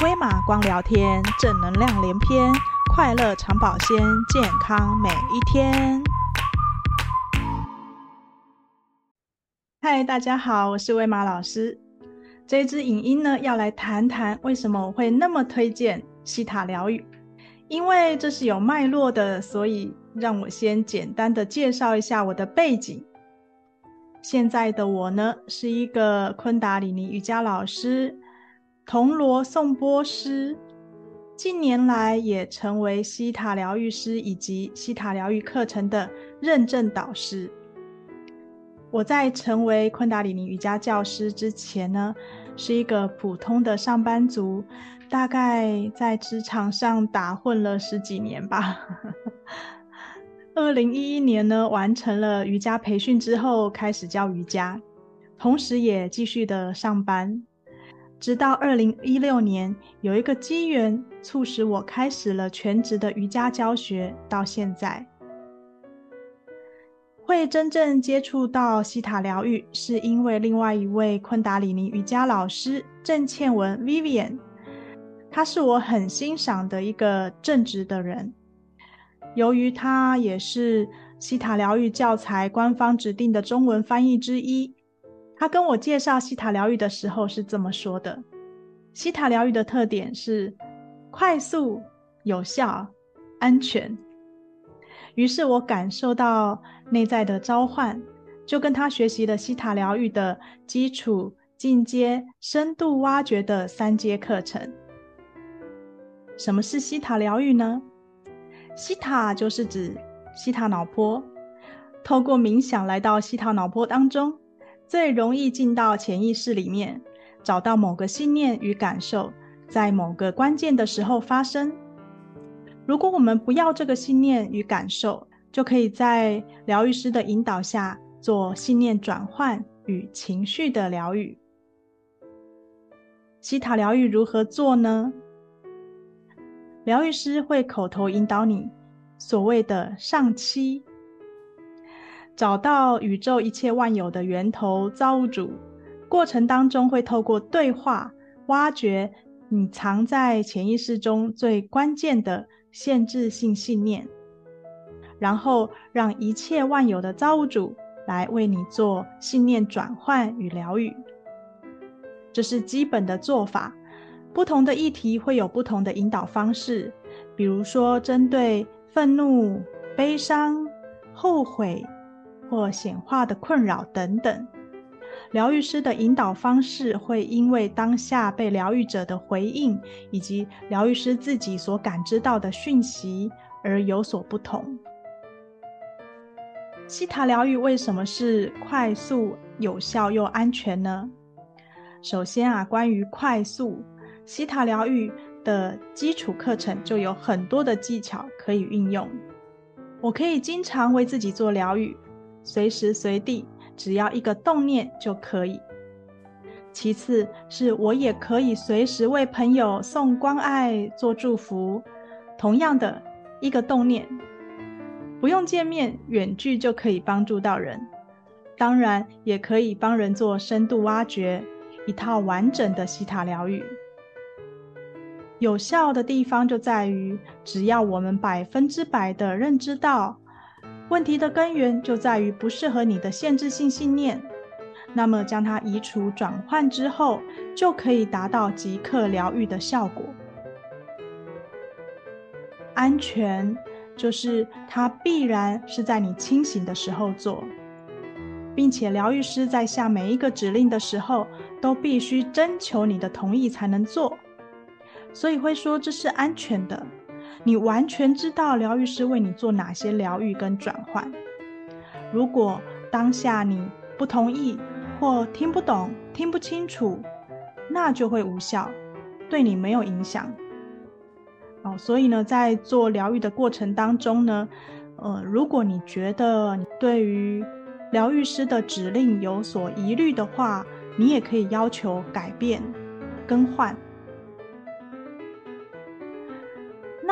葳瑪光聊天，正能量連篇，快樂常保鮮，健康每一天。嗨，大家好，我是葳瑪老師。這一支影音呢，要來談談為什麼我會那麼推薦希塔療癒，因為這是有脈絡的，所以讓我先簡單的介紹一下我的背景。現在的我呢，是一個昆達里尼瑜伽老師。銅鑼頌缽師，近年來也成為希塔療癒師以及希塔療癒課程的認證導師。我在成為昆達里尼瑜伽教師之前呢，是一個普通的上班族，大概在職場上打混了十幾年吧。二零一一年呢，完成了瑜伽培訓之後，開始教瑜伽，同時也繼續的上班。直到二零一六年，有一個機緣促使我開始了全職的瑜伽教學到現在。會真正接觸到希塔療癒，是因為另外一位昆達里尼瑜伽老師鄭倩文 （Vivian）。她是我很欣賞的一個正直的人。由於她也是希塔療癒教材官方指定的中文翻譯之一。他跟我介紹希塔療癒的時候是這麼說的：希塔療癒的特點是快速、有效、安全。於是我感受到內在的召喚，就跟他學習了希塔療癒的基礎、進階、深度挖掘的三階課程。什麼是希塔療癒呢？希塔就是指希塔腦波，透過冥想來到希塔腦波當中。最容易進到潛意識裡面，找到某個信念與感受，在某個關鍵的時候發生。如果我們不要這個信念與感受，就可以在療癒師的引導下做信念轉換與情緒的療癒。希塔療癒如何做呢？療癒師會口頭引導你，所謂的上七。找到宇宙一切萬有的源頭造物主，過程當中會透過對話挖掘隱藏在潛意識中最關鍵的限制性信念，然後讓一切萬有的造物主來為你做信念轉換與療癒，這是基本的做法。不同的議題會有不同的引導方式，比如說針對憤怒、悲傷、後悔。或顯化的困擾等等，療癒師的引導方式會因為當下被療癒者的回應以及療癒師自己所感知到的訊息而有所不同。希塔療癒為什麼是快速、有效又安全呢？首先啊，關於快速，希塔療癒的基礎課程就有很多的技巧可以運用，我可以經常為自己做療癒。隨時隨地，只要一個動念就可以。其次是我也可以隨時為朋友送關愛、做祝福，同樣的一個動念，不用見面，遠距就可以幫助到人。當然，也可以幫人做深度挖掘，一套完整的希塔療癒。有效的地方就在於，只要我們百分之百的認知到。問題的根源就在於不適合你的限制性信念，那麼將它移除、轉換之後，就可以達到即刻療癒的效果。安全就是它必然是在你清醒的時候做，並且療癒師在下每一個指令的時候，都必須徵求你的同意才能做。所以會說這是安全的。你完全知道療癒師為你做哪些療癒跟轉換。如果當下你不同意或聽不懂、聽不清楚，那就會無效，對你沒有影響。哦，所以呢，在做療癒的過程當中呢，呃，如果你覺得你對於療癒師的指令有所疑慮的話，你也可以要求改變、更換。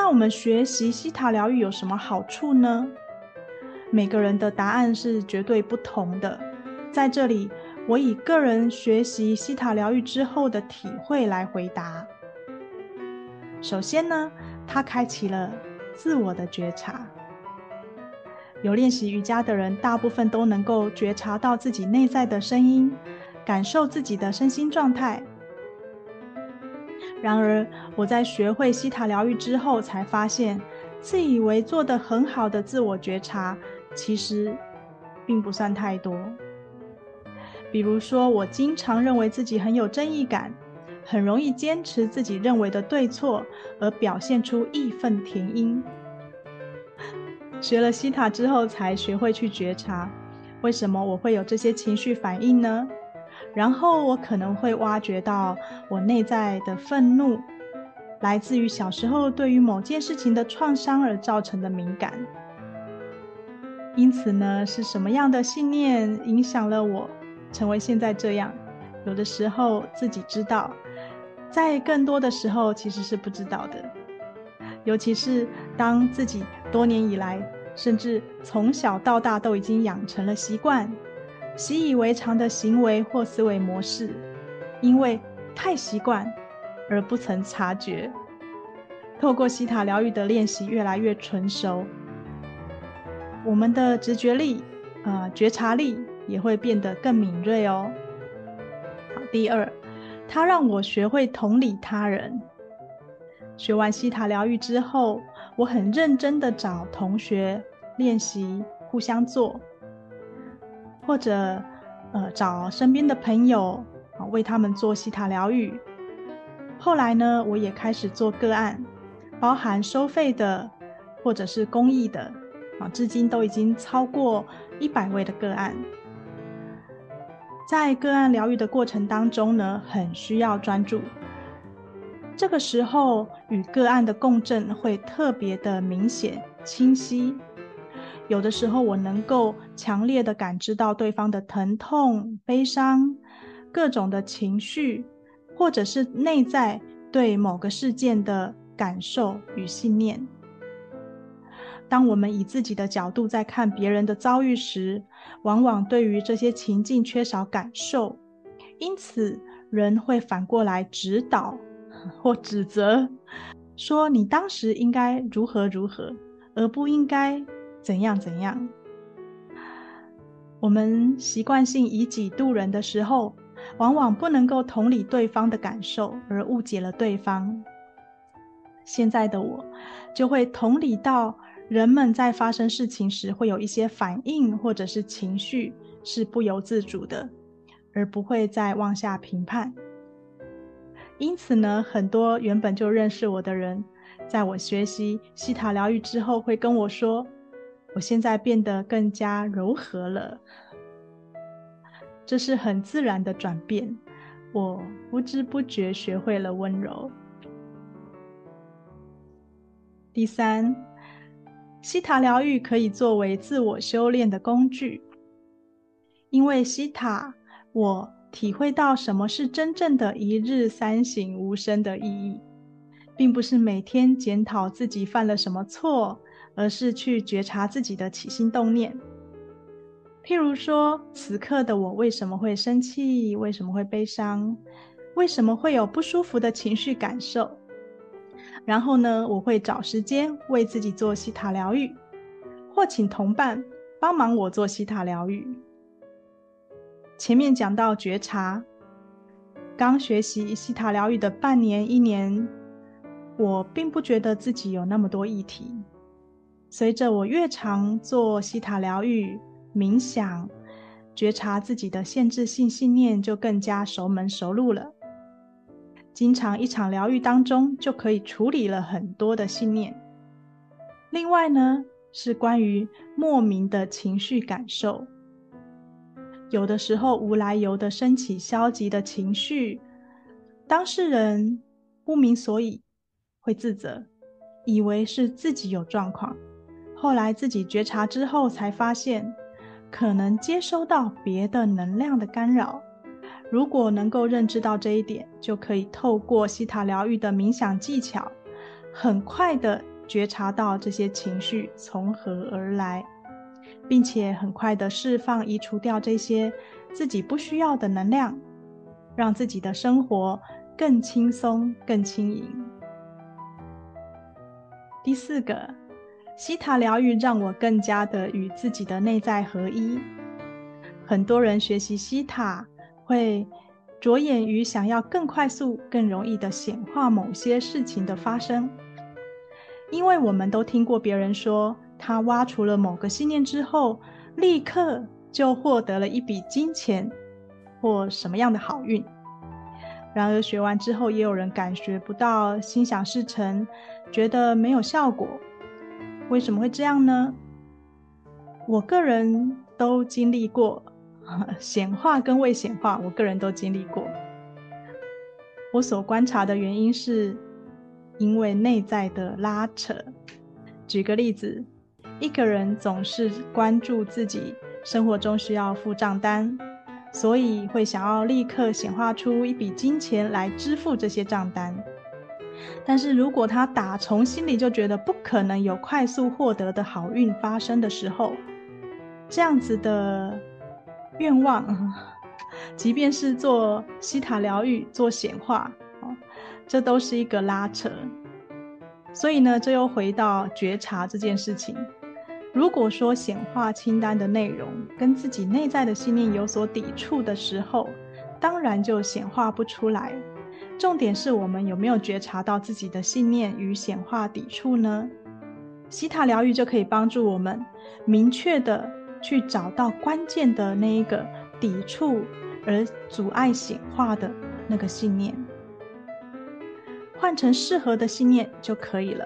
那我們學習希塔療癒有什麼好處呢？每個人的答案是絕對不同的。在這裡，我以個人學習希塔療癒之後的體會來回答。首先呢，它開啟了自我的覺察。有練習瑜伽的人，大部分都能夠覺察到自己內在的聲音，感受自己的身心狀態。然而，我在學會希塔療癒之後，才發現，自以為做得很好的自我覺察，其實並不算太多。比如說，我經常認為自己很有正義感，很容易堅持自己認為的對錯，而表現出義憤填膺。學了希塔之後，才學會去覺察，為什麼我會有這些情緒反應呢？然後我可能會挖掘到我內在的憤怒，來自於小時候對於某件事情的創傷而造成的敏感。因此呢，是什麼樣的信念影響了我成為現在這樣？有的時候自己知道，在更多的時候其實是不知道的，尤其是當自己多年以來，甚至從小到大都已經養成了習慣。習以為常的行為或思維模式，因為太習慣而不曾察覺。透過希塔療癒的練習，越來越純熟，我們的直覺力、啊、呃、覺察力也會變得更敏銳哦。好，第二，它讓我學會同理他人。學完希塔療癒之後，我很認真的找同學練習，互相做。或者，呃，找身邊的朋友啊，為他們做希塔療癒。後來呢，我也開始做個案，包含收費的，或者是公益的，啊，至今都已經超過一百位的個案。在個案療癒的過程當中呢，很需要專注，這個時候與個案的共振會特別的明顯、清晰。有的時候，我能夠強烈的感知到對方的疼痛、悲傷、各種的情緒，或者是內在對某個事件的感受與信念。當我們以自己的角度在看別人的遭遇時，往往對於這些情境缺少感受，因此人會反過來指導或指責，說你當時應該如何如何，而不應該。怎樣怎樣。我們習慣性以己度人的時候，往往不能夠同理對方的感受，而誤解了對方。現在的我，就會同理到人們在發生事情時，會有一些反應或者是情緒是不由自主的，而不會再妄下評判。因此呢，很多原本就認識我的人，在我學習希塔療癒之後，會跟我說。我現在變得更加柔和了，這是很自然的轉變。我不知不覺學會了溫柔。第三，希塔療癒可以作為自我修煉的工具，因為希塔，我體會到什麼是真正的一日三省吾身的意義，並不是每天檢討自己犯了什麼錯。而是去覺察自己的起心動念，譬如說，此刻的我為什麼會生氣？為什麼會悲傷？為什麼會有不舒服的情緒感受？然後呢，我會找時間為自己做希塔療癒，或請同伴幫忙我做希塔療癒。前面講到覺察，剛學習希塔療癒的半年、一年，我並不覺得自己有那麼多議題。隨着我越常做希塔療癒、冥想、覺察自己的限制性信念，就更加熟門熟路了。經常一場療癒當中就可以處理了很多的信念。另外呢，是關於莫名的情緒感受，有的時候無來由的升起消極的情緒，當事人不明所以，會自責，以為是自己有狀況。後來自己覺察之後，才發現可能接收到別的能量的干擾。如果能夠認知到這一點，就可以透過希塔療癒的冥想技巧，很快的覺察到這些情緒從何而來，並且很快的釋放、移除掉這些自己不需要的能量，讓自己的生活更輕鬆、更輕盈。第四個。希塔療癒讓我更加的與自己的內在合一。很多人學習希塔，會着眼於想要更快速、更容易的顯化某些事情的發生，因為我們都聽過別人說，他挖除了某個信念之後，立刻就獲得了一筆金錢或什麼樣的好運。然而學完之後，也有人感覺不到心想事成，覺得沒有效果。為什麼會這樣呢？我個人都經歷過，顯化跟未顯化，我個人都經歷過。我所觀察的原因是因為內在的拉扯。舉個例子，一個人總是關注自己生活中需要付賬單，所以會想要立刻顯化出一筆金錢來支付這些賬單。但是如果他打從心裡就覺得不可能有快速獲得的好運發生的時候，這樣子的願望，即便是做希塔療癒、做顯化，哦，這都是一個拉扯。所以呢，這又回到覺察這件事情。如果說顯化清單的內容跟自己內在的信念有所抵觸的時候，當然就顯化不出來。重點是我們有沒有覺察到自己的信念與顯化抵觸呢？希塔療癒就可以幫助我們明確的去找到關鍵的那一個抵觸而阻礙顯化的那個信念，換成適合的信念就可以了。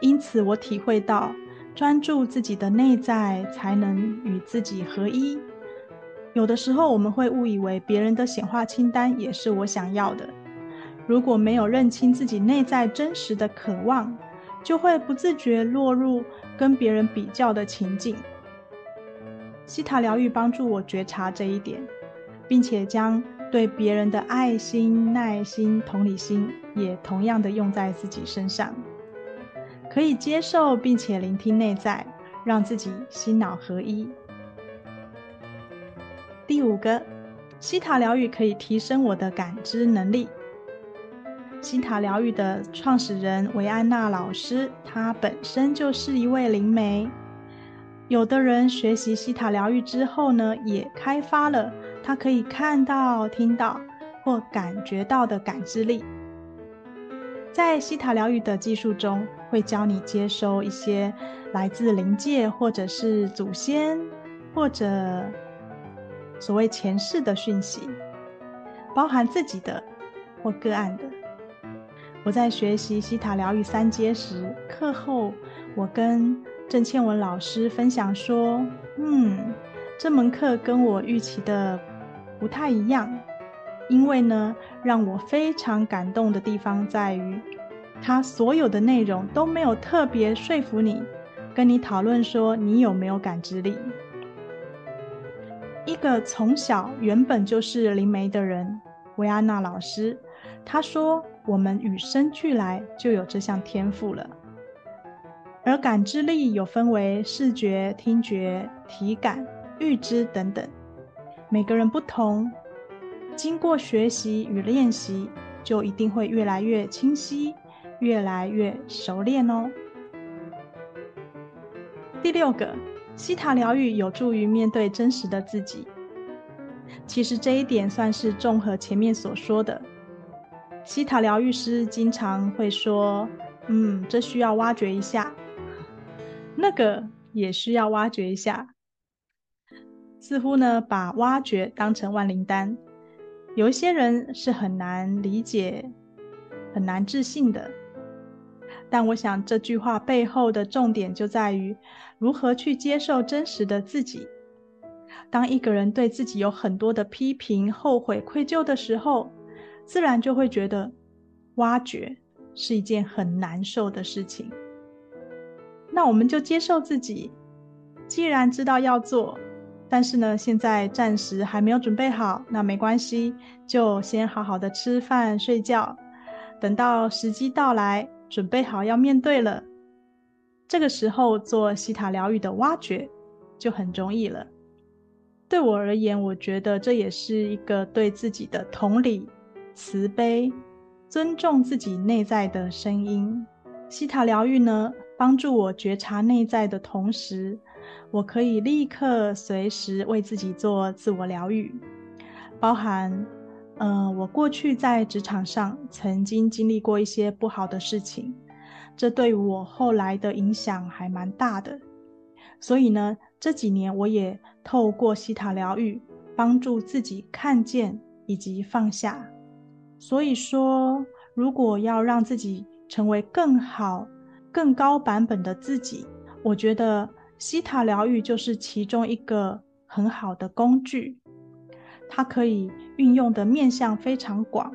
因此，我體會到專注自己的內在，才能與自己合一。有的時候，我們會誤以為別人的顯化清單也是我想要的。如果沒有認清自己內在真實的渴望，就會不自覺落入跟別人比較的情境。希塔療癒幫助我覺察這一點，並且將對別人的愛心、耐心、同理心也同樣的用在自己身上，可以接受並且聆聽內在，讓自己心腦合一。第五個，希塔療癒可以提升我的感知能力。希塔療癒的創始人維安娜老師，她本身就是一位靈媒。有的人學習希塔療癒之後呢，也開發了他可以看到、聽到或感覺到的感知力。在希塔療癒的技術中，會教你接收一些來自靈界，或者是祖先，或者，所謂前世的訊息，包含自己的或個案的。我在學習希塔療癒三階時，課後我跟鄭倩文老師分享說：“嗯，這門課跟我預期的不太一樣，因為呢，讓我非常感動的地方在於，它所有的內容都沒有特別說服你，跟你討論說你有沒有感知力。”一個從小原本就是靈媒的人，維安娜老師，她說：“我們與生俱來就有這項天賦了。而感知力有分為視覺、聽覺、體感、預知等等，每個人不同。經過學習與練習，就一定會越來越清晰，越來越熟練哦。”第六個。希塔療癒有助於面對真實的自己。其實這一點算是綜合前面所說的。希塔療癒師經常會說：“嗯，這需要挖掘一下，那個也需要挖掘一下。”似乎呢，把挖掘當成萬靈丹，有一些人是很難理解、很難置信的。但我想，這句話背後的重點就在於如何去接受真實的自己。當一個人對自己有很多的批評、後悔、愧疚的時候，自然就會覺得挖掘是一件很難受的事情。那我們就接受自己，既然知道要做，但是呢，現在暫時還沒有準備好，那沒關係，就先好好的吃飯、睡覺，等到時機到來。準備好要面對了，這個時候做希塔療癒的挖掘就很容易了。對我而言，我覺得這也是一個對自己的同理、慈悲、尊重自己內在的聲音。希塔療癒呢，幫助我覺察內在的同時，我可以立刻、隨時為自己做自我療癒，包含。嗯、呃，我過去在職場上曾經經歷過一些不好的事情，這對我後來的影響還蠻大的。所以呢，這幾年我也透過希塔療癒，幫助自己看見以及放下。所以說，如果要讓自己成為更好、更高版本的自己，我覺得希塔療癒就是其中一個很好的工具。它可以運用的面向非常廣，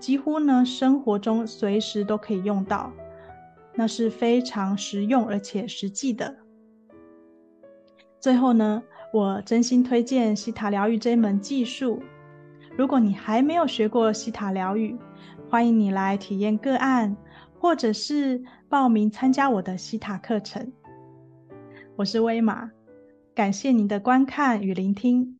幾乎呢生活中隨時都可以用到，那是非常實用而且實際的。最後呢，我真心推薦希塔療癒這一門技術。如果你還沒有學過希塔療癒，歡迎你來體驗個案，或者是報名參加我的希塔課程。我是葳瑪，感謝您的觀看與聆聽。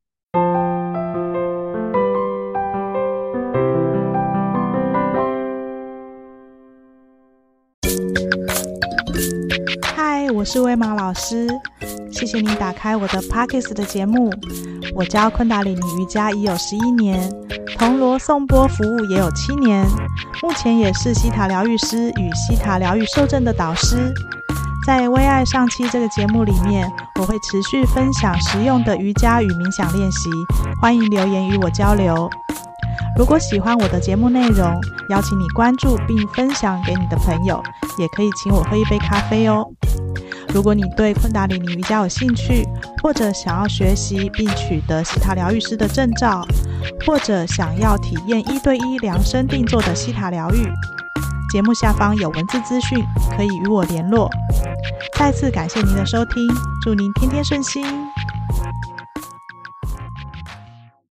我是葳瑪老師，謝謝您打開我的 Podcast 的節目。我教昆達里尼瑜伽已有十一年，銅鑼頌缽服務也有七年，目前也是希塔療癒師與希塔療癒授證的導師。在葳愛上七這個節目裡面，我會持續分享實用的瑜伽與冥想練習，歡迎留言與我交流。如果喜歡我的節目內容，邀請你關注並分享給你的朋友，也可以請我喝一杯咖啡哦。如果你對昆達里尼瑜伽有興趣，或者想要學習並取得希塔療癒師的證照，或者想要體驗一對一量身定做的希塔療癒，節目下方有文字資訊，可以與我聯絡。再次感謝您的收聽，祝您天天順心。